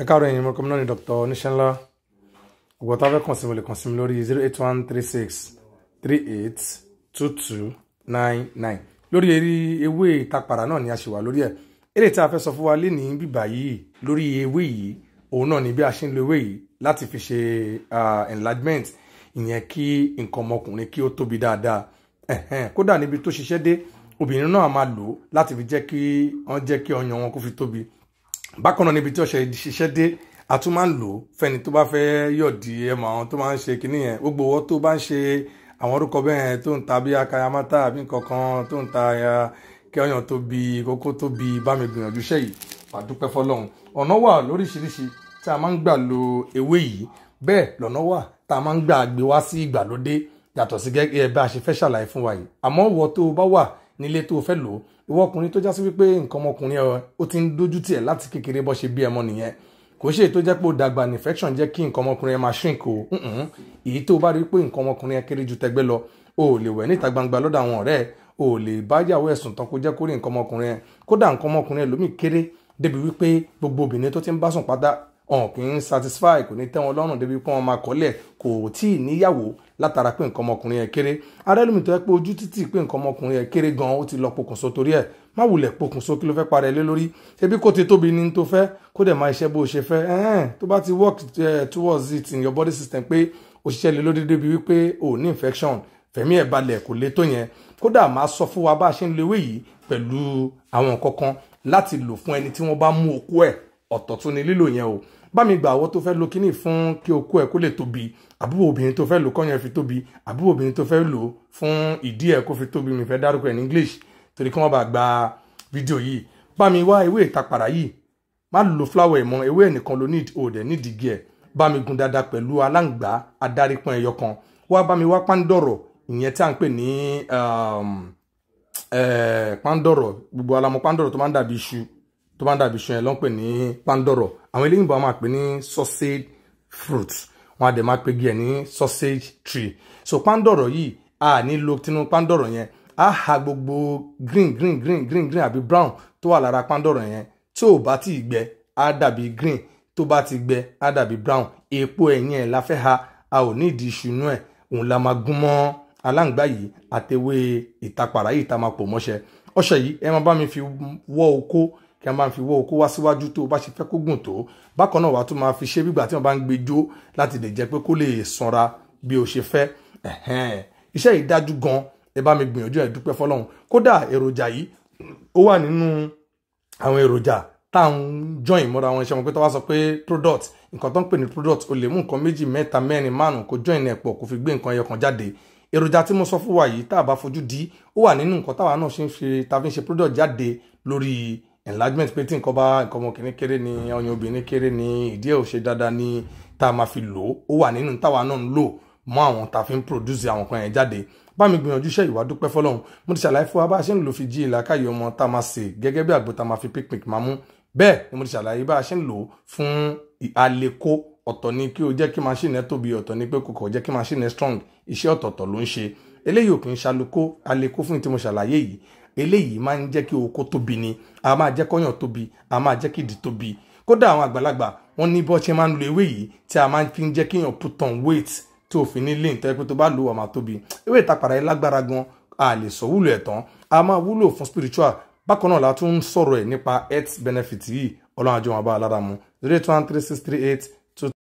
ẹ káàárọ̀ yìí mo kọ́mínà ní Dr. oníṣẹ́ńlá ọ̀gbọ̀n tá a fẹ́ kàn sí mo lè kàn sí mi lórí zero eight one three six three eight two two nine nine lórí eré ewé ìtapàrà náà ni a ṣe wà lórí ẹ̀ eré tí a fẹ́ sọ fún wa lénìí bíbà yìí lórí ewé yìí òun náà ni bí a ṣe ń lo ewé yìí láti fi ṣe enlargement ìyẹn kí nǹkan ọmọkùnrin kí ó tóbi dáadáa kódà níbi tó ṣiṣẹ́ dé obìnrin náà máa lò láti fi jẹ́ kí wọ́n jẹ́ kí ọyàn wọn kó fi tóbi bákan náà níbi tí ọṣẹ ṣiṣẹ́ dé a tún máa ń lò ó fẹ́ni tó bá fẹ́ yọ̀dí ẹmọ àwọn tó máa ń ṣe kinní yẹn gbogbo owó tó bá ń ṣe àwọn orúkọ bẹ́ẹ̀ tó ń ta bí akayamata àbí nǹkankan tó ń ta kẹyàn tó bi kókó tó bi bá mi gbìyànjú iṣẹ́ yìí wàá dúpẹ́ fọlọ́run ọ̀nà wà lóríṣiríṣi tí a máa ń gbà lo ewé yìí bẹ́ẹ̀ lọ́nà wà tá a máa ń gbà gbé wá sí ìgbàlódé yàtọ̀ sí gẹ́gẹ́ bá a ṣe fẹ́ ṣàlàyé fún wa yìí àmọ́ wọ́n tó bá wà nílé tó fẹ́ lò ìwọ ọkùnrin tó já sí wípé nǹkan ọmọkùnrin ẹ ó ti ń dójú tiẹ̀ láti kékeré bọ́ ṣe bí ẹmọ nìyẹn kò ṣe tó jẹ́ pé ó dàgbà ní infection jẹ́ kí nǹkan ọmọkùnrin ẹ máa shrink o èyí tó bá rí pé nǹkan ọmọkùnrin ẹ kéré ju tẹgbẹ́ lọ o ò lè wẹ̀ níta gbangba lọ́dọ̀ àwọn ọ̀rẹ́ ẹ o ò lè bá yàwó ẹ̀sùn tán kó jẹ́ kó rí nǹkan ọmọkùnrin ẹ kódà nǹkan ọmọkùnrin ẹ lómi kéré débi wípé gbogbo obìnrin tó ti ń bá sùn pátá ọ̀n kì í satisfy kò ní tẹ́ wọn lọ́rùn débi pé wọ́n máa kọ́lẹ̀ kò tí ì níyàwó látara pé nǹkan ọmọkùnrin ẹ̀ kéré arẹ́lùmí tó yẹ pé ojú títì pé nǹkan ọmọkùnrin ẹ̀ kéré gan ó ti lọ pokùnso torí ẹ̀ má wulẹ̀ pokùnso kí ló fẹ́ para ẹ lé lórí ṣebí kó ti tóbi ní tó fẹ́ kó dẹ̀ máa iṣẹ́ bó ṣe fẹ́ ẹ̀hẹ́n tó bá ti work towards it in your body system pé ó ṣiṣẹ́ lé lórí débi wípé o ní infection fẹ̀mí ẹ̀ balẹ̀ kò lè tó yẹn kódà máa sọ fún wa bá a ṣe ń lo ewé yìí pẹ̀lú àwọn nǹkan kan láti lò fún ẹni tí wọ́n bá mú okú ẹ̀ ọ̀tọ̀ tún ni lílò yẹn o bá mi gbà àwọ̀ tó fẹ́ lo kíní fún kí okó ẹ̀ kó lè tóbi àbúrò obìnrin tó fẹ́ lo kọ́yàn fi tóbi àbúrò obìnrin tó fẹ́ lo fún ìdí ẹ̀ kó fi tóbi mi fẹ́ dárúkọ ẹ̀ ní English torí kí wọ́n bá gba fídíò yìí bá mi wá ewé ìtapàrà yìí má lo flower ẹ̀ mọ́ ewé ẹ̀ nìkan lo need o dẹ̀ need igi ẹ̀ bá mi gun dáadáa pẹ̀lú aláǹgbá adárípọn ẹyọ kan wá bá wá pàǹdọ̀rọ̀ ìyẹn tí à ń pè ní um, eh, pàǹdọ̀rọ̀ gbogbo alamọ pàǹdọ̀rọ̀ tó máa ń dàbí iṣu tó bá ń dàbí iṣan ẹ̀ lọ́n pè ní pandoro àwọn eléyìí bá máa pè ní sausage fruit wọn á dẹ̀ máa pè gíẹ̀ ní sausage tree so pandoro yìí a nílò tinú pandoro yẹn a ha gbogbo green green green green green àbí brown tó wà lára pandoro yẹn tí ò bá ti gbẹ á dàbí green tó bá ti gbẹ á dàbí brown epo ẹ̀yìn ẹ̀ la fẹ́ ha a ò ní ìdí iṣu inú ẹ̀ òun la máa gún mọ́ aláǹgbá yìí àtẹwé ìtapàrà yìí tá a máa pò mọ́ṣẹ́ ọṣẹ yìí ẹ máa bá mi fi wọ́ oko kí a máa fi wọ́ okó wá síwájú tó o bá ṣe fẹ́ kó gùn tó bákan náà wàá tún máa fi ṣe bígbà tí wọ́n bá ń gbé jó láti lè jẹ́ pé kó lè sanra bí o ṣe fẹ́ iṣẹ́ yìí dájú gan ẹ bá mi gbìyànjú ẹ dúpẹ́ fọlọ́run kódà èròjà yìí ó wà nínú àwọn èròjà tá à ń join mọ́ra wọn ṣe mọ̀ pé tó wá sọ pé product nǹkan tó ń pè ní product o lè mú nǹkan méjì mẹ́ta mẹ́rin márùn kó join ẹ̀ pọ̀ kó fi gbé nǹkan ẹyọkan jáde èròjà tí mo sọ fún wa yìí tá a bá fojú di ó wà nínú nǹkan táwa náà ṣe ń ṣe ta fi ń ṣe product jáde lórí enlargement pé tí nǹkan bá nǹkan ọmọkùnrin kéré ni ọyàn obìnrin kéré ni ìdí ẹ̀ ò ṣe dáadáa ni tá a máa fi lò ó ó wà nínú táwa náà ń lò mọ àwọn tá a fi ń produce àwọn kan yẹn jáde bá mi gbìyànjú iṣẹ́ ìwà dúpẹ́ fọlọ́run mo ti ṣàlàyé fún wa bá a ṣe ń lò fi jí ìlàkàyè ọmọ tá a máa sè gẹ́gẹ́ bí àgbo tá a máa fi picnic máa mú bẹ́ẹ̀ ni mo ti ṣàlàyé bá a ṣe ń lò fún àlékó ọ̀tọ̀ ni kí o jẹ́ kí machine ẹ tóbi ọ̀tọ̀ ni pé kò kọ̀ jẹ́ kí machine ẹ strong iṣẹ́ ọ̀tọ̀ọ̀tọ̀ ló ń ṣe eléyìí ò kì í ṣàlùkó àlékó fún tí mo ṣàlàyé yìí eléyìí máa ń jẹ́ kí oko tóbi ni a máa jẹ́ kọ́yàn tóbi a máa jẹ́ kídì tóbi kódà àwọn àgbàlagbà wọ́n ní bó ṣe máa ń lo ewé yìí tí a máa fi ń jẹ́ kíyàn put on weight tí òfin ní lean tó yẹ pé tó bá lo wà tóbi ewé ìtapàrà yìí lágbára gan a lè sọ wúlò ẹ̀ tán a máa wúlò fún spiritual bákan náà la tún ń sọ̀rọ̀ ẹ̀ nípa health benefit yìí ọlọ́run àjọ wọn bá a lára mu zero eight one three six three eight